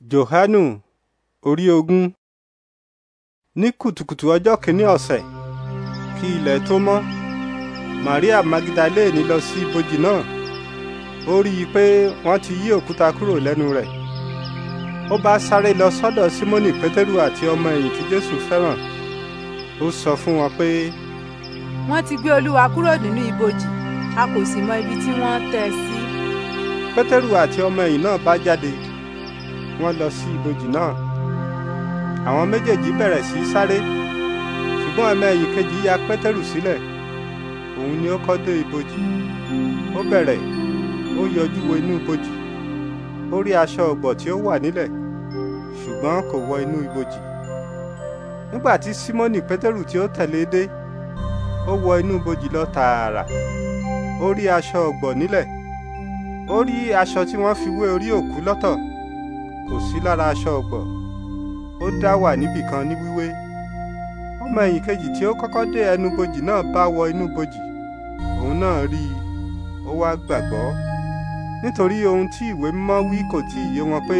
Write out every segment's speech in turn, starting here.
johanu orí ogún ní kùtùkùtù ọjọ́ kìíní ọ̀sẹ̀ kí ilẹ̀ tó mọ́ maria magdalene lọ sí ibojì náà ó rí i pé wọ́n ti yí òkúta kúrò lẹ́nu rẹ̀ ó bá sáré lọ sọ́dọ̀ simoni pétérù àti ọmọ ẹ̀yìn tí jésù fẹ́ràn ó sọ fún wọn pé. wọ́n ti gbé olúwa kúrò nínú ibojì a kò sì mọ ibi tí wọ́n tẹ́ sí. pétérù àti ọmọ ẹ̀yìn náà bá jáde wọ́n lọ sí ibojì náà àwọn méjèèjì bẹ̀rẹ̀ sí í sáré ṣùgbọ́n ọmọ ẹ̀yìn kejì ya pétérù sílẹ̀ òun ni ó kọ́ dé ibojì ó bẹ̀rẹ̀ ó yọjú wo inú ibojì ó rí aṣọ ọ̀gbọ̀ tí ó wà nílẹ̀ ṣùgbọ́n kò wọ inú ibojì nígbà tí símónì pétérù tí ó tẹ̀lé e dé ó wọ inú ibojì lọ tààrà ó rí aṣọ ọ̀gbọ̀ nílẹ̀ ó rí aṣọ tí wọ́n fi wé orí òkú lọ́tọ̀ kò sí lára aṣọ ọ̀gbọ̀ ó dá wà níbì kan ní wíwé ọmọ ẹ̀yìn kejì tí ó kọ́kọ́ dé ẹnu bojì náà bá wọ inú bojì òun náà rí i ó wá gbàgbọ́ nítorí ohun tí ìwé mímọ́ wí kò tí ì yé wọn pé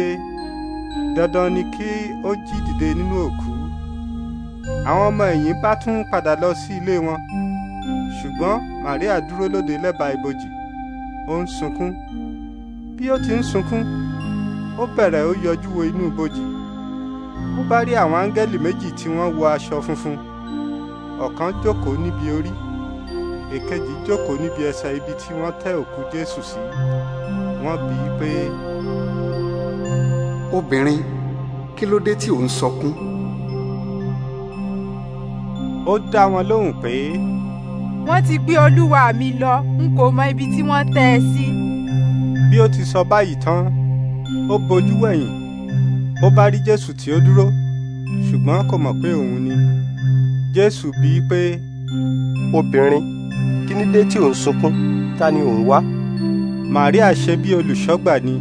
dandan ni kí ó jí dìde nínú òkú àwọn ọmọ ẹ̀yìn bá tún padà lọ sí ilé wọn ṣùgbọ́n Màríà dúró lóde lẹ́bàá ibojì ó ń sunkún bí ó ti ń sunkún ó bẹ̀rẹ̀ ó yọjú wo inú ibojì ó bá rí àwọn áńgẹ́lì méjì tí wọ́n wọ aṣọ funfun ọ̀kan jókòó níbi orí èkejì jókòó níbi ẹsẹ̀ ibi tí wọ́n tẹ́ òkú jésù sí wọ́n bi í pé. obìnrin kí ló dé tí ò ń sọkún. ó dá wọn lóhùn pé. wọ́n ti gbé olúwa mi lọ n kò mọ ibi tí wọ́n tẹ́ ẹ sí. bí ó ti sọ báyìí tán ó bojú wẹ̀yìn ó bá rí jésù tí ó dúró ṣùgbọ́n kò mọ̀ pé òun ni jésù bíi pé. obìnrin kí ni dé tí ò ń sunkún ta ni ò ń wá. màríà ṣe bí olùṣọ́gbà ni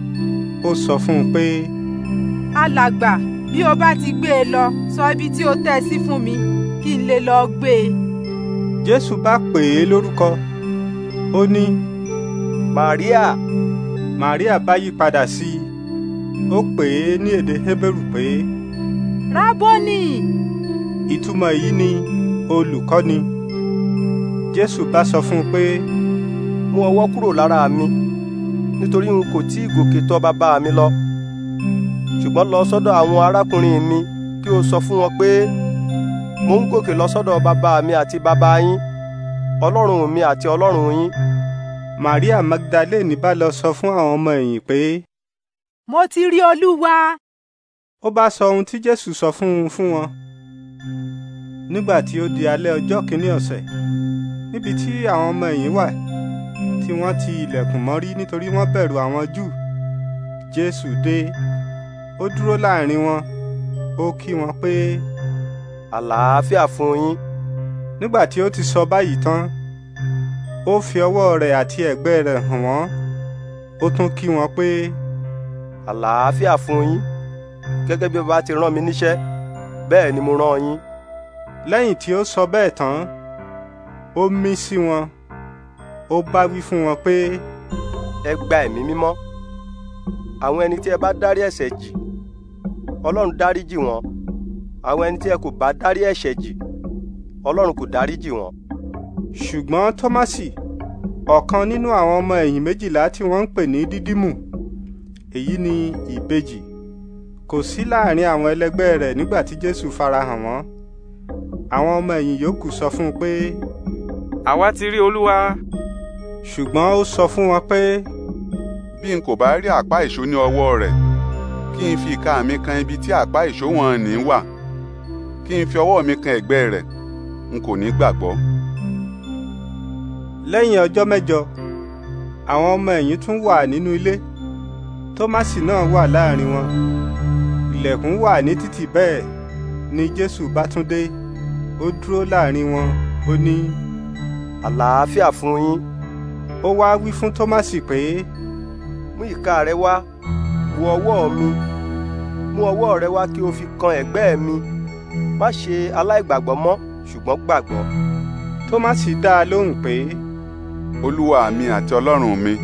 ó sọ fún un pé. alàgbà bí o bá ti gbé e lọ sọ ibi tí o tẹ́ sí fún mi kí n lè lọ gbé e. jésù bá pè é lórúkọ ó ní. màríà. màríà bá yí padà sí i ó pè é ní èdè Hébérù pé. rábọ́nì. ìtumọ̀ èyí ni olùkọ́ni. Jésù bá sọ fún un pé. mú ọwọ́ kúrò lára mi nítorí n kò tí ì gòkè tọ̀ bàbá mi lọ ṣùgbọ́n lọ sọ́dọ̀ àwọn arákùnrin mi kí o sọ fún wọn pé mo ń gòkè lọ sọ́dọ̀ bàbá mi àti bàbá yín ọlọ́run mi àti ọlọ́run yín. Màríà Magdalene bá lọ sọ fún àwọn ọmọ ẹ̀yìn pé mo ti rí olúwa. ó bá sọ ohun tí jésù sọ fún un fún wọn. nígbà tí ó di alẹ́ ọjọ́ kìíní ọ̀sẹ̀ níbi tí àwọn ọmọ ẹ̀yìn wà tí wọ́n ti ilẹ̀kùn mọ́rí nítorí wọ́n bẹ̀rù àwọn júù jésù dé ó dúró láàrin wọn ó kí wọn pé àlàáfíà fún yín nígbà tí ó ti sọ báyìí tán ó fi ọwọ́ rẹ̀ àti ẹ̀gbẹ́ rẹ̀ hàn wọ́n ó tún kí wọn pé àlàáfíà fún yín gẹ́gẹ́ bí bàbá ti rán mi níṣẹ́ bẹ́ẹ̀ ni mo rán yín. lẹ́yìn tí ó sọ bẹ́ẹ̀ tán ó mí sí wọn ó bá wí fún wọn pé. ẹ gba ẹ̀mí mímọ́ àwọn ẹni tí ẹ bá dárí ẹ̀ṣẹ̀ jì ọlọ́run dárí jì wọ́n àwọn ẹni tí ẹ kò bá dárí ẹ̀ṣẹ̀ jì ọlọ́run kò dárí jì wọ́n. ṣùgbọ́n tọ́másì ọ̀kan nínú àwọn ọmọ ẹ̀yìn méjìlá tí wọ́n ń pè ní dídímù èyí ni ìbejì kò sí láàrin àwọn ẹlẹgbẹ́ rẹ̀ nígbà tí jésù farahàn wọ́n àwọn ọmọ ẹ̀yìn yòókù sọ fún un pé. àwa ti rí olúwa. ṣùgbọ́n ó sọ fún wọn pé. bí n kò bá rí àpá ìṣó ní ọwọ́ rẹ̀ kí n fi ìka mi kan ibi tí àpá ìṣó wọn ní wà kí n fi ọwọ́ mi kan ẹ̀gbẹ́ rẹ̀ n kò ní gbàgbọ́. lẹ́yìn ọjọ́ mẹ́jọ àwọn ọmọ ẹ̀yìn tún wà nínú ilé tómásì náà wà láàrin wọn ilẹ̀kùn wà ní títì bẹ́ẹ̀ ni jésù bá tún dé ó dúró láàrin wọn ó ní. àlàáfíà fún yín. ó wá wí fún tómásì pé. mú ìka rẹ wá wo ọwọ́ mi mú ọwọ́ rẹ wá kí o fi kan ẹ̀gbẹ́ mi má ṣe aláìgbàgbọ́ mọ́ ṣùgbọ́n gbàgbọ́. tómásì dá a lóhùn pé. olúwa mi àti ọlọ́run mi.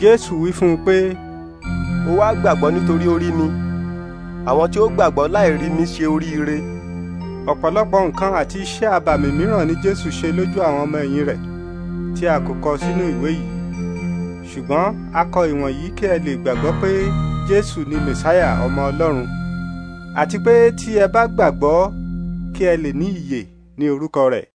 jésù wí fún un pé ó wá gbàgbọ́ nítorí ó mi àwọn tí ó gbàgbọ́ láì rí mi ṣe oríire. ọ̀pọ̀lọpọ̀ nǹkan àti iṣẹ́ àbàmì mìíràn ni jésù ṣe lójú àwọn ọmọ ẹ̀yìn rẹ̀ tí a kò kọ sínú ìwé yìí ṣùgbọ́n a kọ ìwọ̀nyí kí ẹ lè gbàgbọ́ pé jésù ni mẹ̀sáyà ọmọ ọlọ́run àti pé tí ẹ bá gbàgbọ́ kí ẹ lè ní ìyè ní orúkọ rẹ̀